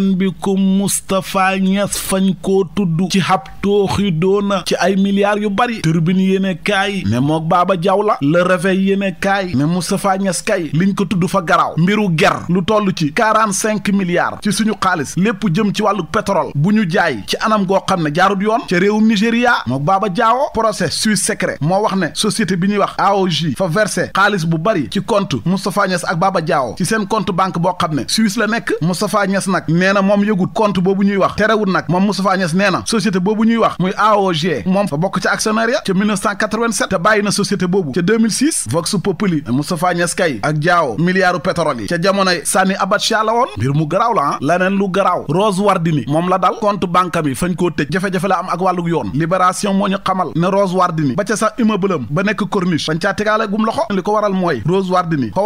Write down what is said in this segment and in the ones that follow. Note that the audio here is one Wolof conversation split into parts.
lan bikum Moustapha Niass fañ koo tudd ci xab tooxi doona ci ay milliards yu bari turbine yéene kaay ne mook baaba jaw la le réveil yéene kaay ne Moustapha Niass kay liñ ko tudd fa garaaw mbiru ger lu toll ci quarante cinq milliards ci suñu xaalis lépp jëm ci wàllu pétrole bu ñu jaay ci anam goo xam ne jaarut yoon ca réewum Nigéria mook baaba jaawo procès suisse secret moo wax ne société bi ñuy wax aoji fa versé xaalis bu bari ci compte Moustapha Niass ak baaba jaawo ci seen compte banque boo xam ne nee na moom yëgut compte boobu ñuy wax terewut nag moom Moustapha Niass nee na société boobu ñuy wax muy AOG moom fa bokk ca actionnaire ya ca te bàyyi na société boobu ca 2006 Vox Populi Moustapha Niass kay ak Diawo milliardu pétrole yi ca jamonoy Sani Abacha la woon mbir mu garaaw la ah laneen lu garaaw Rose Wardini moom la dal compte banque am yi fañ koo tëj jafe-jafe la am ak wàllug yoon Libération moo ñu xamal ne Rose Wardini ba ca sax immeuble am ba nekk li ko waral mooy Rose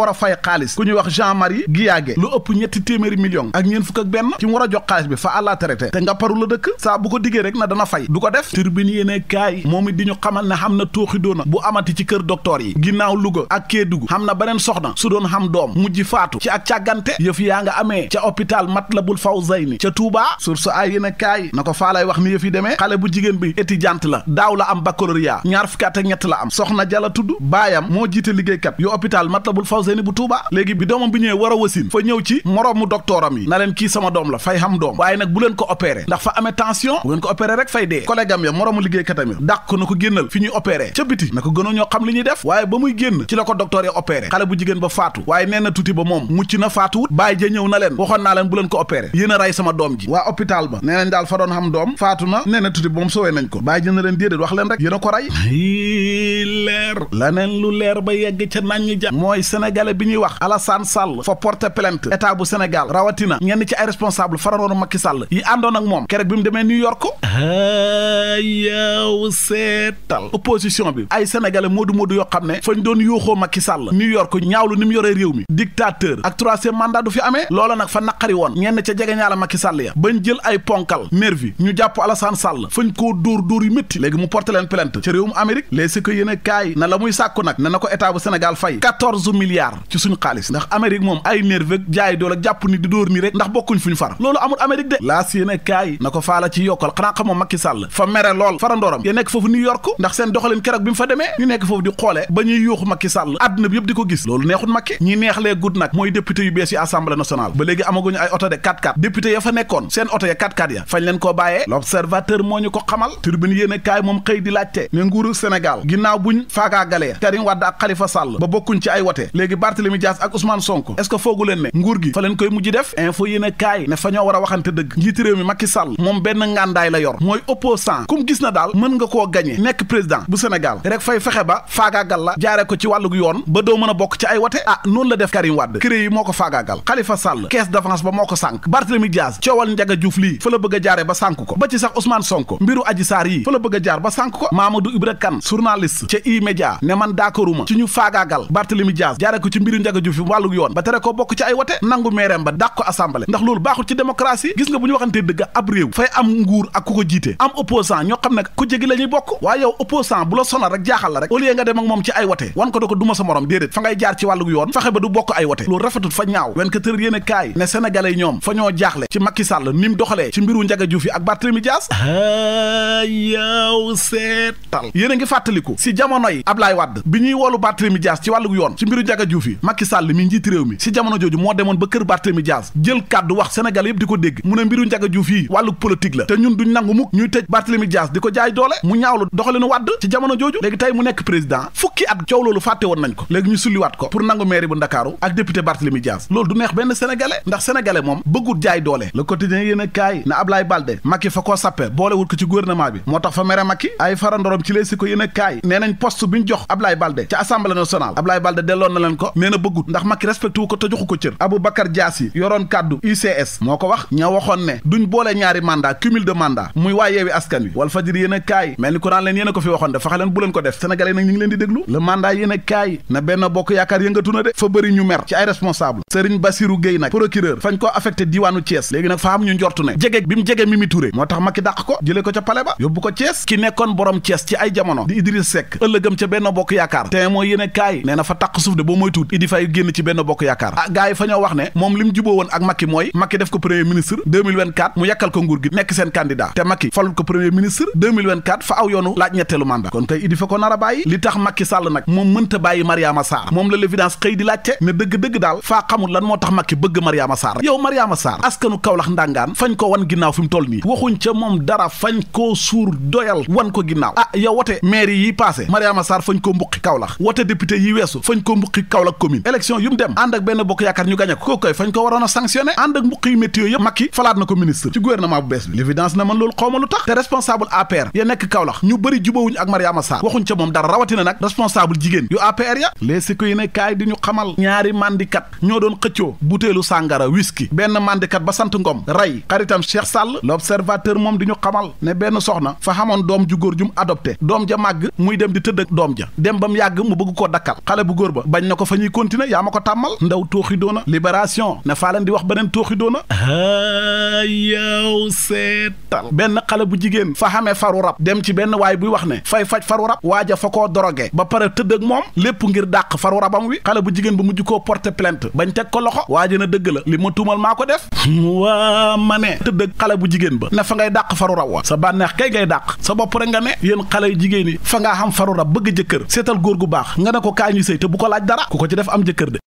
a fay xaalis wax Jean Marie Guiyaage lu ëpp ñetti téeméeri million ak benn ki war a jox xaalis bi fa àllaa traité te nga paru la dëkk saa bu ko diggee rek na dana fay du ko def turbine yéene kaay moom it di ñu xamal ne xam na tooxidoona bu amati ci kër docteur yi ginnaaw Louga ak kee Kédougou xam na beneen soxna su doon xam doom mujj faatu ci ak càggante yëf yaa nga amee ca mat la hôpital Matlaboul Fawzayni ca Touba sur sa ay yéene kaay na ko faa lay wax ni yëf yi demee xale bu jigéen bi étudiante la daaw la am baccalauréat ñaar fukki ñett la am soxna jala tudd baayam moo jiite liggéeykat yu hôpital Matlaboul Fawzayni bu Touba léegi bi doomam bi ñëwee war a wasin ñëw ci moroomu docteuram yi na leen kii sama doom la fay xam doom waaye nag bu leen ko opéré ndax fa amee tension bu ngeen ko opéré rek fay dee collègue ya moroomu liggéeykatam ya dàq na ko génnal fi ñuy opéré ca biti na ko gënoon ñoo xam li ñuy def waaye ba muy génn ci la ko docteur ya opéré xale bu jigéen ba faatu waaye nee tuuti ba moom mucc na faatuwut bàyyi ja leen waxoon naa leen bu leen ko opéré yéen a rey sama doom ji waa hôpital ba nee nañ fa doon xam doom faatu na nee na wax leen rek a ko rey leer responsable fararoonu Macky Sall yi àndoon ak moom keroog bi mu demee New York yow seetal opposition bi ay sénégalais moodu moodu yoo xam ne fañ doon yuuxoo Macky Sall New York ñaawlu ni mu yoree réew mi dictateur ak troisième mandat du fi amee loola nag fa naqari woon ñenn ca jege ñaala Macky Sall ya bañ jël ay ponkal nervi ñu jàpp Alassane Sall fañ koo dóor dóor yu métti léegi mu porté leen plainte ca réewum Amérique léeg si ko yéene kaay na la muy sàkku nag ne ko état bu Sénégal fay quatorze milliards ci suñu xaalis ndax Amérique moom ay lañu far loolu amul Amérique de laas yéene kaay na ko faala ci yokkal xanaa xamoo Macky Sall fa mere lool farandooram ya nekk foofu New York ndax seen doxalin keroog bi mu fa demee ñu nekk foofu di xoole ba ñuy yuuxu Macky Sall àdduna bi yëpp di ko gis loolu neexul Macky ñi neexlee gudd nag mooy député yu bees yi assemblée nationale ba léegi amaguñu ay oto de 4x4 ya fa nekkoon seen oto ya 4 x ya fañ leen koo bàyyee l'observateur moo ñu ko yi ne fa ñoo war a waxante dëgg njiiti mi Macky Sall moom benn ngàndaay la yor mooy opposant kum gis na daal mën nga koo gañe nekk président bu Sénégal rek fay fexe ba faagaagal la jaare ko ci wàllug yoon ba doo mën a bokk ci ay wote ah noonu la def Karim Wade cré yi moo ko faagaagal Khalifa Sall caisse d'avance ba moo ko sànk Barthélemy Diaz coowal Ndiaga Diouf lii la bëgg a jaare ba sànk ko ba ci sax Ousmane Sonko mbiru Adji Sarr yi fa la bëgg a jaar ba ko Mamadou Ibra Kane journaliste ca ñu faagaagal Barthélemy Diaz jaare ko ci mbiru Ndiaga Diouf yi wàllug yoon bokk ci ay baaxul ci démocratie gis nga bu ñu waxantee dëgg ab réew fay am nguur ak ku ko jiite am opposant ñoo xam ne ku jégi la ñuy bokk waaye yow opposant bu la sonal rek jaaxal la rek au lieu nga dem ak moom ci ay wote wan ko ko duma sa morom déedéet fa ngay jaar ci wàllu yoon fexe ba du bokk ay wote loolu rafetul fa ñaaw wen ka tër yéen a kaay ne sénégalais ñoom fa ñoo jaaxle ci Macky Sall ni mu doxalee ci mbiru Ndiaga Diouf yi ak Barthélemy Dias ah. yaaw seetal yéen a ngi fàttaliku si jamono yi Ablaye Wade bi ñuy woolu Barthélemy Dias ci wàllug yoon ci mbiru Ndiaga Diouf yi Macky Sall mi njiit réew mi si jamono jooju moo demoon ba kër Barthélemy Dias jël kàddu wax Sénégal yëpp di ko dégg mu ne mbiru Ndiaga Diouf yi wàllug politique la te ñun duñ nangu mukk ñuy tëj Barthélemy Dias di ko jaay doole mu ñaawlu doxalinu Wade ci jamono jooju léegi tey mu nekk président fukki at coow loolu fàtte woon nañ ko léegi ñu sulliwaat ko pour nangu mairie bu Ndakaaru ak député Barthélemy Dias loolu du neex benn sénégalais ndax sénégalais moom bëggul jaay a kaay na Ablaye bi moo tax fa mere Macky ay farandorom ci lay si ko yéen kaay nee nañ poste bi ñu jox Ablaye Balde ca assemblée nationale Ablaye Balde delloon na leen ko nee na bëggut ndax Macky respecté ko te joxu ko cër Aboubacar Dias yi yoroon kàddu UCS moo ko wax ña waxoon ne duñ boole ñaari mandat cumul de mandat muy waa yeewi askan wi wal fajiri yéen kaay mel ni ko naan leen yéen ko fi waxoon de faxe leen bu leen ko def leen di kaay na benn bokk yóbbu ko Thiès ki nekkoon borom Thiès ci ay jamono di Idrissa Seck ëllëgam ca benn bokk yaakaar te mooy yéene kaay nee na fa taq suuf de boo moy tuut Idi Faye génn ci benn bokk yaakaar a ah gars yi wax ne moom li mu juboo woon ak Macky mooy Macky def ko premier ministre 2024 mu yàkkal ko nguur gi nekk seen candidat te Macky falul ko premier ministre 2024 fa aw yoonu laaj ñetteelu mandat kon kay Idi fa ko nar a bàyyi li tax Macky Sall nag moom mënta bàyyi Mariama Sarr moom la l'évidence xëy di laajte ne dëgg-dëgg daal faa xamul lan moo tax Macky bëgg Mariama Sarr yow Mariama Sarr askanu Kaolack ndangaan fañ ko wan ginnaaw mu toll nii waxuñ ca moom dara fañ koo Mansour doyal wan ko ginnaaw a ah, yow wote maire yi passé Mariama Sarr fañ ko mbuqi Kaolack wote député yi weesu fañ ko mbuqi Kaolack commune élection yu dem ànd ak benn bokk yaakaar ñu gañe ko koy fañ ko waroon a sanctionné ànd ak mbuqi yu météo yëpp Macky falaat na ko ministre ci gouvernement bu bees bi l'évidence na man loolu xawma lu tax te responsable APR ya nekk Kaolack ñu bëri jubawuñ ak Mariama Sarr waxuñ ca moom dara rawatina nag responsable jigéen soxna fa xamoon doom ju góor ju mu adopté doom ja màgg muy dem di tëdd doom ja dem ba mu yàgg mu bëgg koo dakkal xale bu góor ba bañ na ko fa ñuy continuer yaa ma ko tàmmal ndaw tooxi doona libération ne fa leen di wax beneen tooxi doona yow seetal benn xale bu jigéen fa xamee faru rab dem ci benn waay buy wax ne fay faj faru rab waaja fa koo dorogee ba pare tëdd ak moom lépp ngir dàq faru rabam wi xale bu jigéen ba mujj koo porter plainte bañ teg ko loxo waaja na dëgg la li ma maa ko def waa ma ne tëdd kay ngay sa bopp rek nga ne yéen xale yu jigéen yi fa nga xam faru rab bëgg jëkkër seetal góor gu baax nga ne ko kaa ñu te bu ko laaj dara ku ko ci def am jëkkër de